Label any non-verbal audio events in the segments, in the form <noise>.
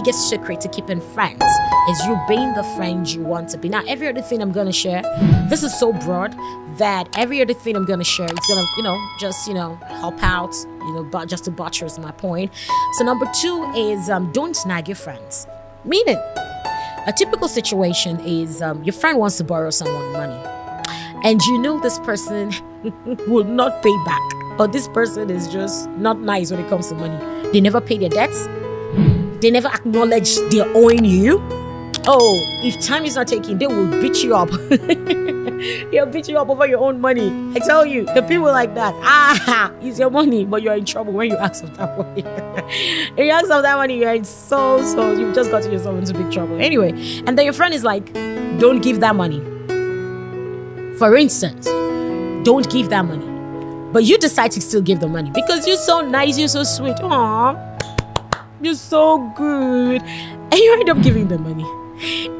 biggest secret to keeping friends is you being the friend you want to be. Now, every other thing I'm gonna share, this is so broad that every other thing I'm gonna share is gonna, you know, just you know, help out, you know, but just to buttress my point. So number two is um, don't snag your friends. Meaning, a typical situation is um, your friend wants to borrow someone money, and you know this person <laughs> will not pay back, or this person is just not nice when it comes to money. They never pay their debts they never acknowledge they are owing you. Oh, if time is not taken, they will beat you up. <laughs> They'll beat you up over your own money. I tell you, the people like that, ah, it's your money, but you're in trouble when you ask for that money. <laughs> if you ask for that money, you're in so, so, you've just gotten yourself into big trouble. Anyway, and then your friend is like, don't give that money. For instance, don't give that money. But you decide to still give the money because you're so nice, you're so sweet. Aww you're so good. And you end up giving them money.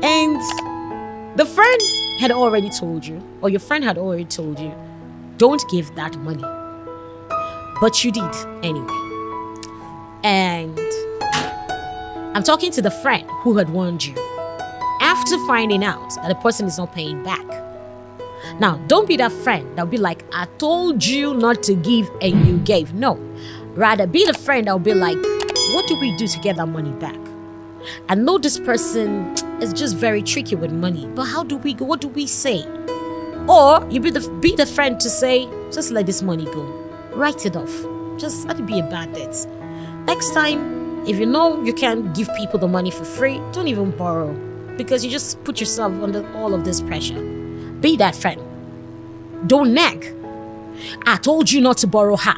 And the friend had already told you, or your friend had already told you, don't give that money. But you did anyway. And I'm talking to the friend who had warned you after finding out that the person is not paying back. Now, don't be that friend that'll be like, I told you not to give and you gave. No. Rather, be the friend that'll be like, what do we do to get that money back? I know this person is just very tricky with money, but how do we go? What do we say? Or you be the be the friend to say, just let this money go. Write it off. Just let it be a bad debt. Next time, if you know you can't give people the money for free, don't even borrow. Because you just put yourself under all of this pressure. Be that friend. Don't nag. I told you not to borrow her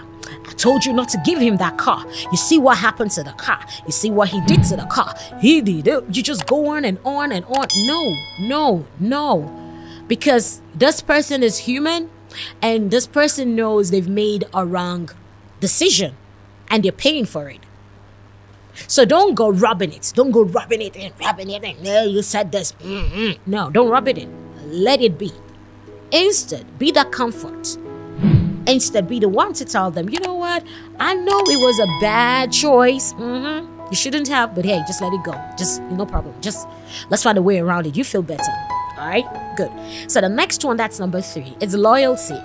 told you not to give him that car. You see what happened to the car. You see what he did to the car. He did it. You just go on and on and on. No, no, no. Because this person is human and this person knows they've made a wrong decision and they're paying for it. So don't go rubbing it. Don't go rubbing it and rubbing it no, you said this. Mm-mm. No, don't rub it in. Let it be. Instead, be that comfort instead be the one to tell them, you know what? I know it was a bad choice. Mm-hmm. You shouldn't have, but hey, just let it go. Just no problem. Just let's find a way around it. You feel better. All right, good. So the next one, that's number three, is loyalty.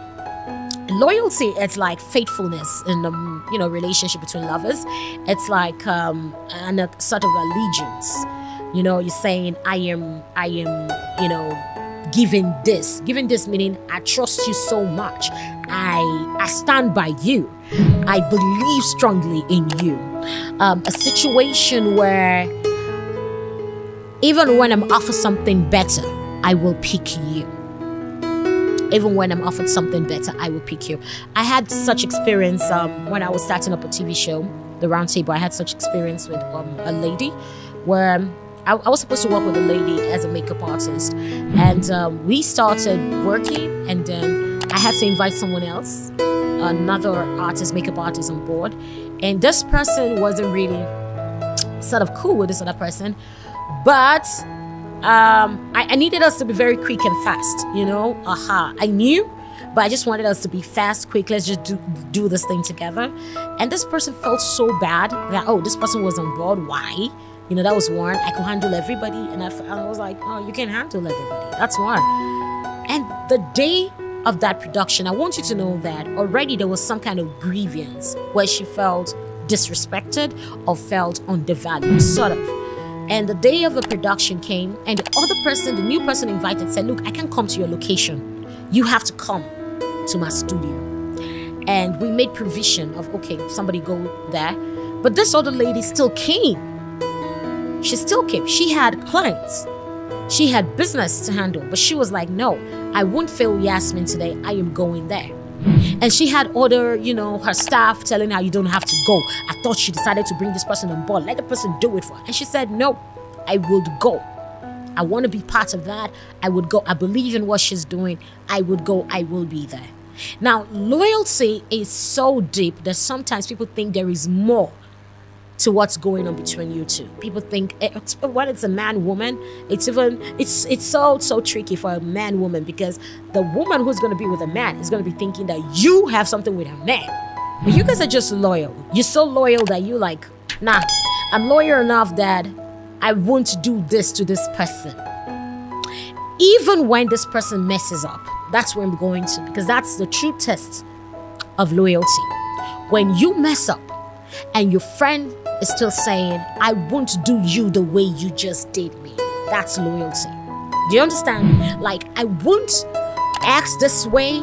Loyalty, it's like faithfulness in the you know relationship between lovers. It's like um, and a sort of allegiance. You know, you're saying I am, I am, you know, Given this. given this meaning I trust you so much. I I stand by you. I believe strongly in you. Um, a situation where even when I'm offered something better, I will pick you. Even when I'm offered something better, I will pick you. I had such experience um, when I was starting up a TV show, The Roundtable. I had such experience with um, a lady where I, I, was supposed to work with a lady as a makeup artist, and um, we started working, and then I had to invite someone else, another artist, makeup artist on board, and this person wasn't really sort of cool with this other person, but um, I, I, needed us to be very quick and fast, you know. Aha, I knew, but I just wanted us to be fast, quick. Let's just do, do this thing together. And this person felt so bad that oh, this person was on board. Why? You know, that was one. I could handle everybody. And I, I was like, oh, you can handle everybody. That's one. And the day of that production, I want you to know that already there was some kind of grievance where she felt disrespected or felt undervalued, sort of. And the day of the production came, and the other person, the new person invited, said, Look, I can't come to your location. You have to come to my studio. And we made provision of, okay, somebody go there. But this other lady still came she still kept. She had clients. She had business to handle, but she was like, no, I won't fail Yasmin today. I am going there. And she had other, you know, her staff telling her, you don't have to go. I thought she decided to bring this person on board. Let the person do it for her. And she said, no, I would go. I want to be part of that. I would go. I believe in what she's doing. I would go. I will be there. Now, loyalty is so deep that sometimes people think there is more to what's going on between you two. People think eh, it's, when it's a man woman, it's even it's it's so so tricky for a man woman because the woman who's going to be with a man is going to be thinking that you have something with a man. But you guys are just loyal. You're so loyal that you like, nah, I'm loyal enough that I won't do this to this person. Even when this person messes up, that's where I'm going to because that's the true test of loyalty. When you mess up, and your friend is still saying, I won't do you the way you just did me. That's loyalty. Do you understand? Like, I won't act this way.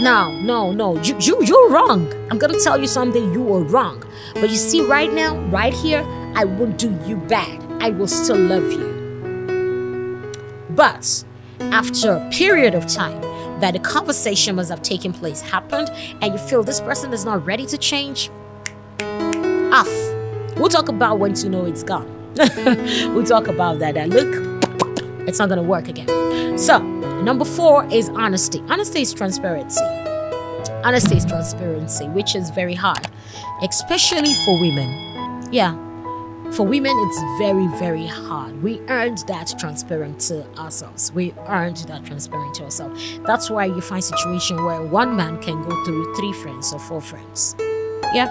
No, no, no. You, you, you're wrong. I'm gonna tell you something. You are wrong. But you see, right now, right here, I won't do you bad. I will still love you. But after a period of time that the conversation must have taken place happened, and you feel this person is not ready to change, half. Ah, we'll talk about once you know it's gone. <laughs> we'll talk about that. And look, it's not going to work again. So, number four is honesty. Honesty is transparency. Honesty is transparency, which is very hard, especially for women. Yeah. For women, it's very, very hard. We earned that transparent to ourselves. We aren't that transparent to ourselves. That's why you find situation where one man can go through three friends or four friends. Yeah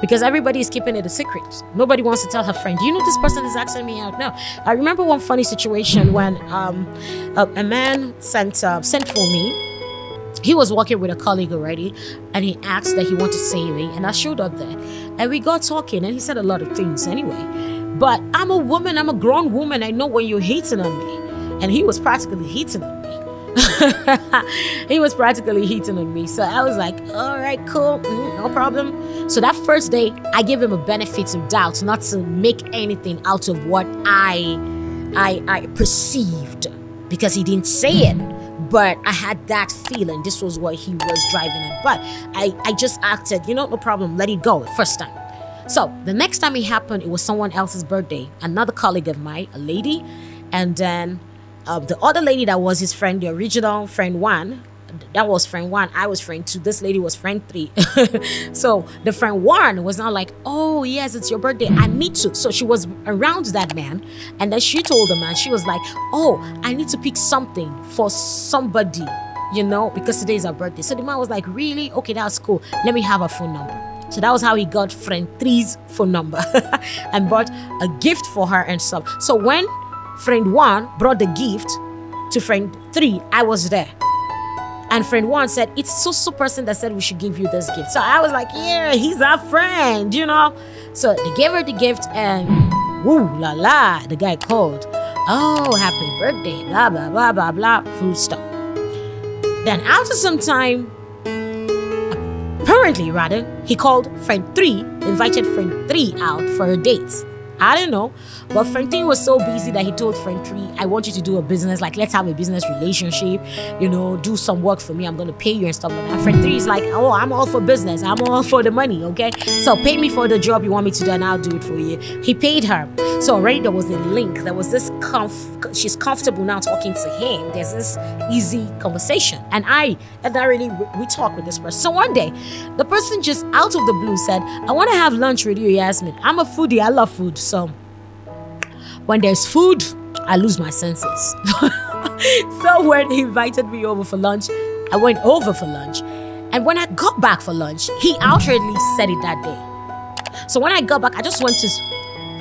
because everybody is keeping it a secret. Nobody wants to tell her friend, you know, this person is asking me out now. I remember one funny situation when um, a, a, man sent uh, sent for me. He was working with a colleague already, and he asked that he wanted to see me, and I showed up there, and we got talking, and he said a lot of things anyway. But I'm a woman, I'm a grown woman. I know when you're hating on me, and he was practically hating on me. <laughs> he was practically hitting on me. So I was like, all right, cool, mm, no problem. So that first day, I gave him a benefit of doubt, not to make anything out of what I, I, I perceived, because he didn't say it. Mm-hmm. But I had that feeling. This was what he was driving at. But I, I just acted, you know, no problem. Let it go. First time. So the next time it happened, it was someone else's birthday, another colleague of mine, a lady. And then uh, the other lady that was his friend, the original friend one, that was friend one. I was friend two. This lady was friend three. <laughs> so the friend one was not like, oh yes, it's your birthday. I need to. So she was around that man, and then she told the man, she was like, oh, I need to pick something for somebody, you know, because today is her birthday. So the man was like, really? Okay, that's cool. Let me have a phone number. So that was how he got friend three's phone number <laughs> and bought a gift for her and stuff. So when Friend one brought the gift to friend three. I was there. And friend one said, It's so so person that said we should give you this gift. So I was like, Yeah, he's our friend, you know. So they gave her the gift and woo la la, the guy called. Oh, happy birthday, blah blah blah blah blah, food stuff. Then after some time, apparently rather, he called friend three, invited friend three out for a date. I don't know. But friend three was so busy that he told friend three, I want you to do a business. Like, let's have a business relationship. You know, do some work for me. I'm going to pay you and stuff like that. Friend three is like, oh, I'm all for business. I'm all for the money, okay? So pay me for the job you want me to do and I'll do it for you. He paid her. So already there was a link. There was this comf- she's comfortable now talking to him. There's this easy conversation. And I, and I really, we talk with this person. So one day, the person just out of the blue said, I want to have lunch with you, Yasmin. I'm a foodie. I love food. So when there's food, I lose my senses. <laughs> so when he invited me over for lunch, I went over for lunch. And when I got back for lunch, he outwardly said it that day. So when I got back, I just went to,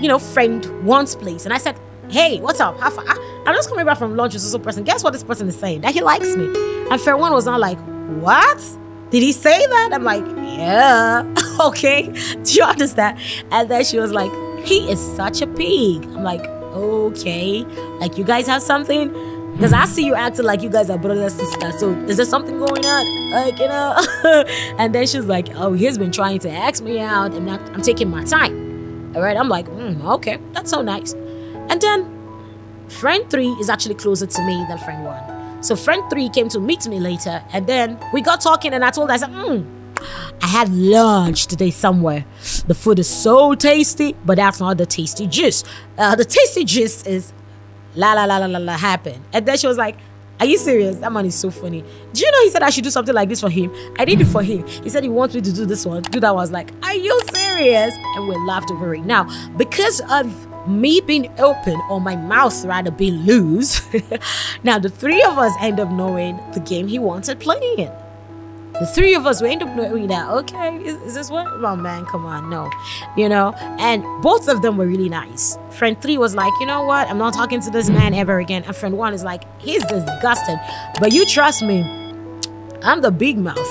you know, friend one's place. And I said, hey, what's up, Hafa? Ah, I'm just coming back from lunch with this person. Guess what this person is saying? That he likes me. And fair one was not like, what? Did he say that? I'm like, yeah. <laughs> okay. Do you understand? And then she was like, he is such a pig. I'm like, okay. Like, you guys have something? Because I see you acting like you guys are brother and sister. So is there something going on? Like, you know? <laughs> and then she's like, oh, he's been trying to ask me out and I'm taking my time. All right. I'm like, mm, okay. That's so nice. And then friend three is actually closer to me than friend one. So friend three came to meet me later, and then we got talking, and I told her, I said, mm, I had lunch today somewhere. The food is so tasty, but that's not the tasty juice. Uh, the tasty juice is la la la la la la happened. And then she was like, Are you serious? That man is so funny. Do you know he said I should do something like this for him? I did it for him. He said he wants me to do this one, do that. I was like, Are you serious? And we laughed over it. Now, because of me being open or my mouth rather being loose, <laughs> now the three of us end up knowing the game he wanted playing The three of us, we end up knowing that, okay, is, is this what? Oh man, come on, no. You know? And both of them were really nice. Friend three was like, you know what? I'm not talking to this man ever again. And friend one is like, he's disgusted. But you trust me, I'm the big mouth.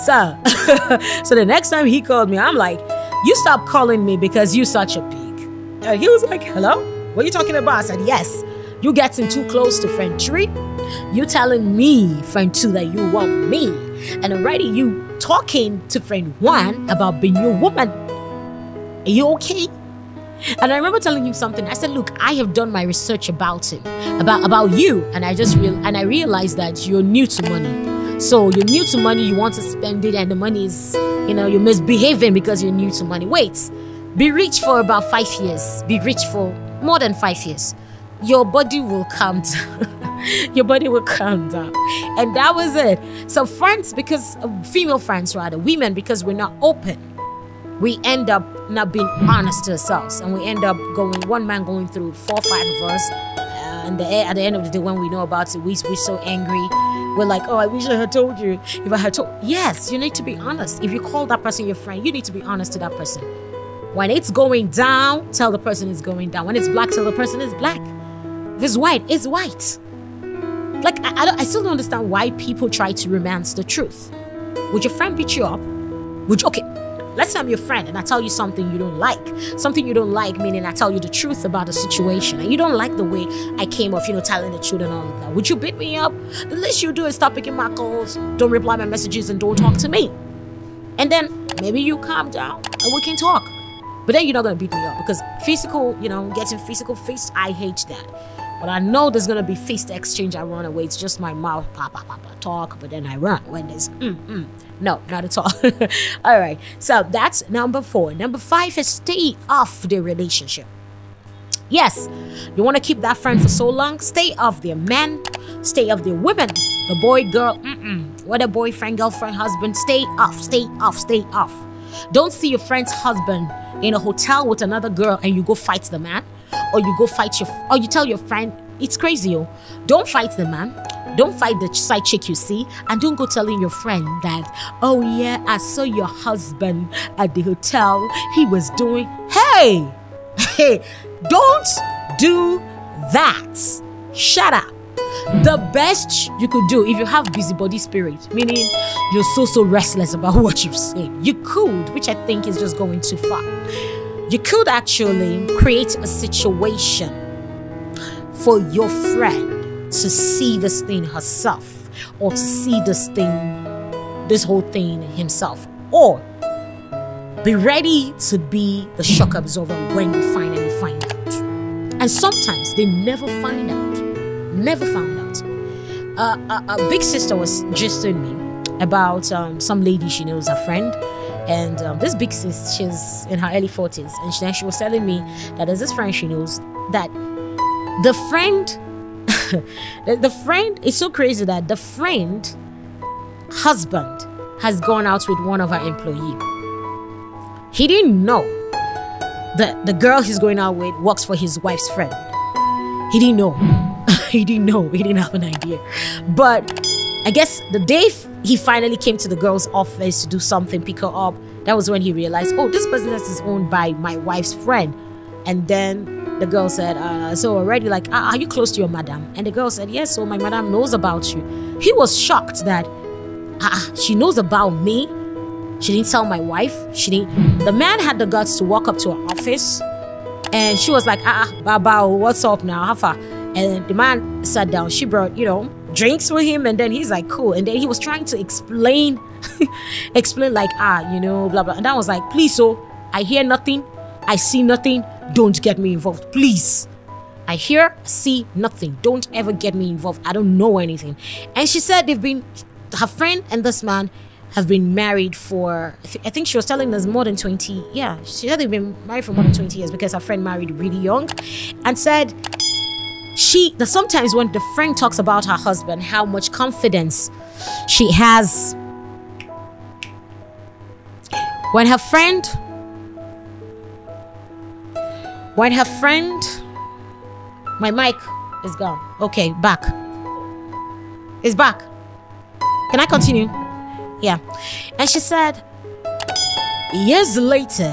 So, <laughs> so the next time he called me, I'm like, you stop calling me because you such a bitch. And uh, he was like, hello? What are you talking about? I said, yes. You getting too close to friend three. You telling me, friend two, that you want me. And already you talking to friend one about being your woman. Are you okay? And I remember telling him something. I said, "Look, I have done my research about him, about about you." And I just real and I realized that you're new to money. So you're new to money. You want to spend it, and the money is, you know, you're misbehaving because you're new to money. Wait, be rich for about five years. Be rich for more than five years. Your body will calm down. <laughs> your body will calm down. And that was it. So, friends, because uh, female friends, rather, women, because we're not open we end up not being honest to ourselves and we end up going one man going through four five of us uh, and the, at the end of the day when we know about it we, we're so angry we're like oh i wish i had told you if i had told yes you need to be honest if you call that person your friend you need to be honest to that person when it's going down, tell the person it's going down. When it's black, tell the person it's black. If it's white, it's white. Like, I, I, I still don't understand why people try to romance the truth. Would your friend beat you up? Would you, okay, let's say I'm your friend and I tell you something you don't like. Something you don't like, meaning I tell you the truth about the situation and you don't like the way I came off, you know, telling the truth and all of that. Would you beat me up? The least you do is stop picking my calls, don't reply my messages, and don't talk to me. And then maybe you calm down and we can talk. But then you're not gonna beat me up because physical, you know, getting physical fist, I hate that. But I know there's gonna be fist exchange. I run away. It's just my mouth pop, pop, pop, pop talk, but then I run when there's mm, mm. no, not at all. <laughs> all right. So that's number four. Number five is stay off the relationship. Yes, you want to keep that friend for so long. Stay off their men, stay off their women, the boy, girl, mm-mm. whether boyfriend, girlfriend, husband. Stay off, stay off, stay off. Don't see your friend's husband in a hotel with another girl and you go fight the man, or you go fight your, or you tell your friend, it's crazy, yo. don't fight the man. Don't fight the side chick you see, and don't go telling your friend that, oh yeah, I saw your husband at the hotel. He was doing, hey, <laughs> hey, don't do that. Shut up the best you could do if you have busybody spirit, meaning you're so, so restless about <laughs> what you've seen, you could, which I think is just going too far, you could actually create a situation for your friend to see this thing herself or to see this thing, this whole thing himself. Or be ready to be the shock absorber when you finally find out. And sometimes they never find out, never found a, a, big sister was gisting me about um, some lady she knows, a friend. And um, this big sister, she's in her early 40s. And she, she was telling me that there's this friend she knows that the friend, <laughs> the, the friend is so crazy that the friend husband has gone out with one of her employee. He didn't know that the girl he's going out with works for his wife's friend. He didn't know. <laughs> he didn't know. He didn't have an idea. But I guess the day he finally came to the girl's office to do something, pick her up, that was when he realized, oh, this business is owned by my wife's friend. And then the girl said, uh, so already, like, ah, are you close to your madam? And the girl said, yes, so my madam knows about you. He was shocked that, ah, she knows about me. She didn't tell my wife. She didn't. The man had the guts to walk up to her office and she was like, ah, Baba, what's up now? Hafa, and the man sat down. She brought, you know, drinks with him and then he's like cool and then he was trying to explain <laughs> explain like ah you know blah blah and i was like please so oh, i hear nothing i see nothing don't get me involved please i hear see nothing don't ever get me involved i don't know anything and she said they've been her friend and this man have been married for i think she was telling us more than 20 yeah she said they've been married for more than 20 years because her friend married really young and said she sometimes when the friend talks about her husband how much confidence she has when her friend when her friend my mic is gone okay back it's back can i continue yeah and she said years later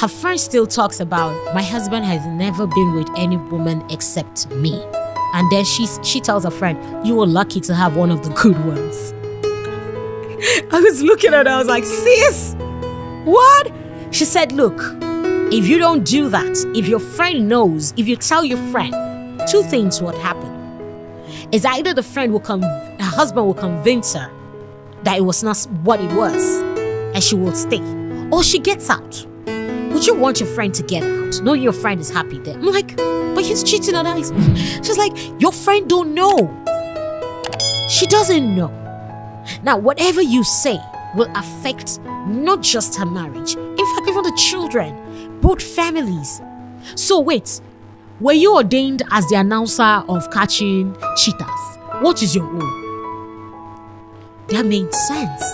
her friend still talks about, my husband has never been with any woman except me. And then she, she tells her friend, you were lucky to have one of the good ones. <laughs> I was looking at her, I was like, sis, what? She said, look, if you don't do that, if your friend knows, if you tell your friend, two things would happen. Is either the friend will come, her husband will convince her that it was not what it was, and she will stay, or she gets out. Would you want your friend to get out? No, your friend is happy there. I'm like, but he's cheating on her. She's like, your friend don't know. She doesn't know. Now, whatever you say will affect not just her marriage, in fact, even the children, both families. So wait, were you ordained as the announcer of catching cheaters? What is your role? That made sense.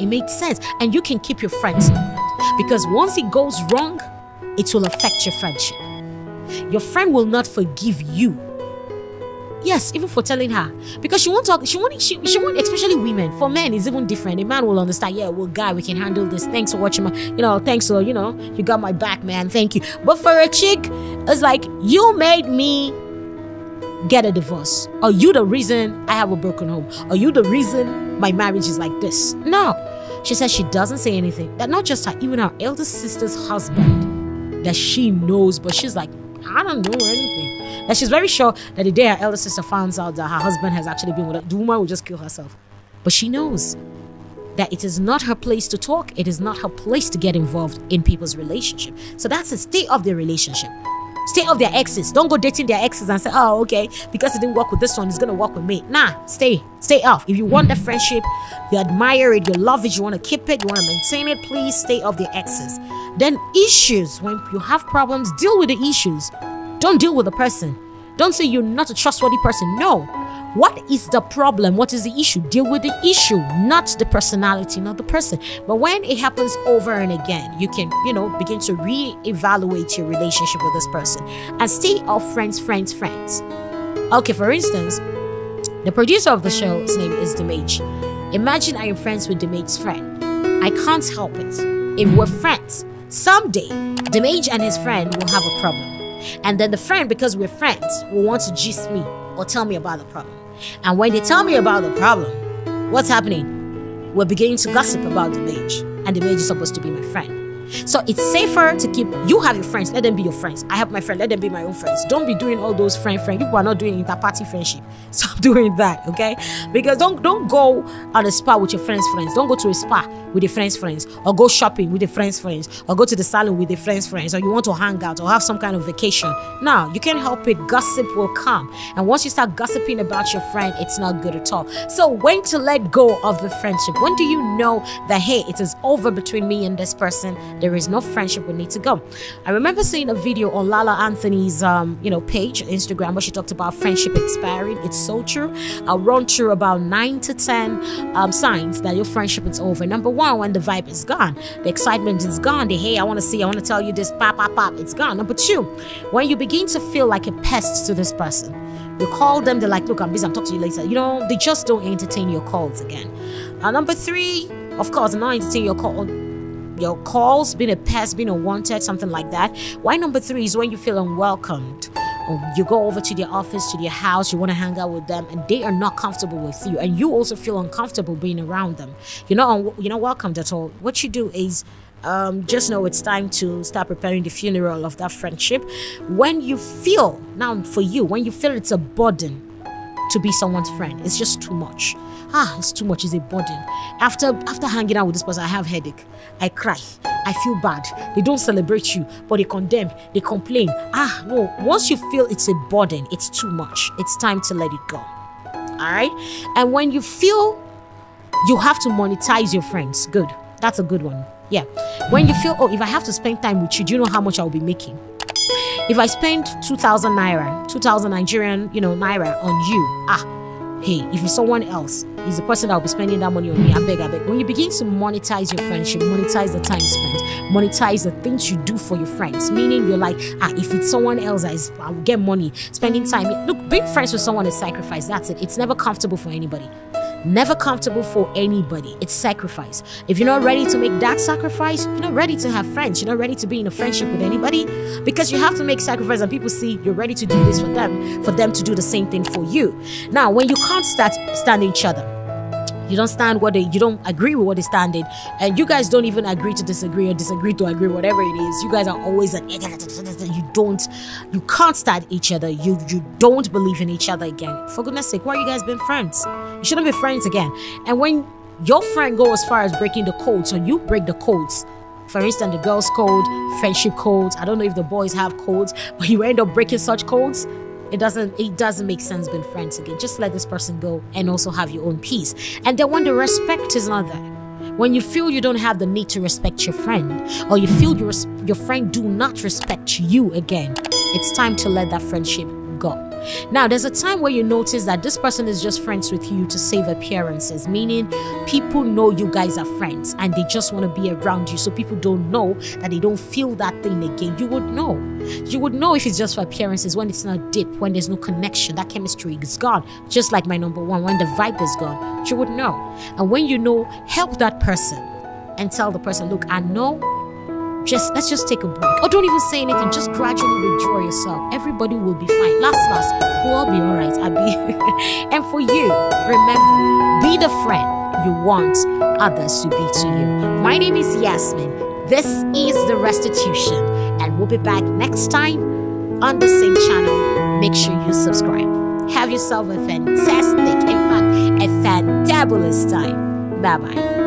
It made sense. And you can keep your friends because once it goes wrong, it will affect your friendship. Your friend will not forgive you. Yes, even for telling her. Because she won't talk, she won't, she, she won't, especially women. For men, it's even different. A man will understand, yeah, well, guy, we can handle this. Thanks for watching my, you know, thanks for, you know, you got my back, man. Thank you. But for a chick, it's like, you made me get a divorce. Are you the reason I have a broken home? Are you the reason my marriage is like this? No. She says she doesn't say anything. That not just her, even her eldest sister's husband, that she knows, but she's like, I don't know anything. That she's very sure that the day her eldest sister finds out that her husband has actually been with her, Duma will just kill herself. But she knows that it is not her place to talk, it is not her place to get involved in people's relationship. So that's the state of their relationship. Stay off their exes. Don't go dating their exes and say, oh, okay, because it didn't work with this one, it's going to work with me. Nah, stay. Stay off. If you want the friendship, you admire it, you love it, you want to keep it, you want to maintain it, please stay off the exes. Then, issues. When you have problems, deal with the issues. Don't deal with the person. Don't say you're not a trustworthy person. No. What is the problem? What is the issue? Deal with the issue, not the personality, not the person. But when it happens over and again, you can, you know, begin to re-evaluate your relationship with this person and stay off friends, friends, friends. Okay, for instance, the producer of the show, his name is Demage. Imagine I am friends with Demage's friend. I can't help it. If we're friends, someday Demage and his friend will have a problem. And then the friend, because we're friends, will want to gist me or tell me about the problem. And when they tell me about the problem, what's happening? We're beginning to gossip about the mage, and the mage is supposed to be my friend. So it's safer to keep, you have your friends, let them be your friends. I have my friend, let them be my own friends. Don't be doing all those friend, friend. People are not doing inter-party friendship. <laughs> Stop doing that, okay? Because don't, don't go on a spa with your friend's friends. Don't go to a spa with your friend's friends or go shopping with your friend's friends or go to the salon with your friend's friends or you want to hang out or have some kind of vacation. Now, you can't help it. Gossip will come. And once you start gossiping about your friend, it's not good at all. So when to let go of the friendship? When do you know that, hey, it is over between me and this person there is no friendship. We need to go. I remember seeing a video on Lala Anthony's, um, you know, page, Instagram, where she talked about friendship expiring. It's so true. I'll run through about nine to ten um, signs that your friendship is over. Number one, when the vibe is gone, the excitement is gone. The hey, I want to see, I want to tell you this, pop, pop, pop, it's gone. Number two, when you begin to feel like a pest to this person. You call them, they're like, look, I'm busy, I'm talking to you later. You know, they just don't entertain your calls again. And uh, number three, of course, not entertain your call your calls, being a pest, being unwanted, something like that. Why number three is when you feel unwelcomed. Um, you go over to their office, to their house, you want to hang out with them, and they are not comfortable with you, and you also feel uncomfortable being around them. You're not un- you're not welcomed at all. What you do is um, just know it's time to start preparing the funeral of that friendship. When you feel, now for you, when you feel it's a burden, to be someone's friend. It's just too much. Ah, it's too much. It's a burden. After after hanging out with this person, I have headache. I cry. I feel bad. They don't celebrate you, but they condemn. They complain. Ah, no. Once you feel it's a burden, it's too much. It's time to let it go. All right. And when you feel you have to monetize your friends, good. That's a good one. Yeah. When you feel, oh, if I have to spend time with you, do you know how much I'll be making? If I spend 2,000 naira, 2,000 Nigerian, you know, naira on you, ah, hey, if it's someone else, is the person that will be spending that money on me, I beg, I beg. When you begin to monetize your friendship, monetize the time spent, monetize the things you do for your friends, meaning you're like, ah, if it's someone else, that I will get money, spending time. Look, being friends with someone is sacrifice, that's it. It's never comfortable for anybody. Never comfortable for anybody. It's sacrifice. If you're not ready to make that sacrifice, you're not ready to have friends. You're not ready to be in a friendship with anybody because you have to make sacrifice and people see you're ready to do this for them, for them to do the same thing for you. Now, when you can't start stand each other, you don't stand what they you don't agree with what they stand in and you guys don't even agree to disagree or disagree to agree whatever it is you guys are always like you don't you can't stand each other you you don't believe in each other again for goodness sake why are you guys being friends you shouldn't be friends again and when your friend go as far as breaking the code so you break the codes for instance, the girls' code, friendship codes. I don't know if the boys have codes, but you end up breaking such codes it doesn't it doesn't make sense being friends again. Just let this person go and also have your own peace. And then when the respect is not there, when you feel you don't have the need to respect your friend, or you feel your, your friend do not respect you again, it's time to let that friendship now, there's a time where you notice that this person is just friends with you to save appearances, meaning people know you guys are friends and they just want to be around you. So people don't know that they don't feel that thing again. You would know. You would know if it's just for appearances, when it's not deep, when there's no connection, that chemistry is gone. Just like my number one, when the vibe is gone, you would know. And when you know, help that person and tell the person, look, I know just let's just take a break or don't even say anything just gradually withdraw yourself everybody will be fine last last we'll all be all right abby <laughs> and for you remember be the friend you want others to be to you my name is yasmin this is the restitution and we'll be back next time on the same channel make sure you subscribe have yourself a fantastic in fact a fantabulous time bye bye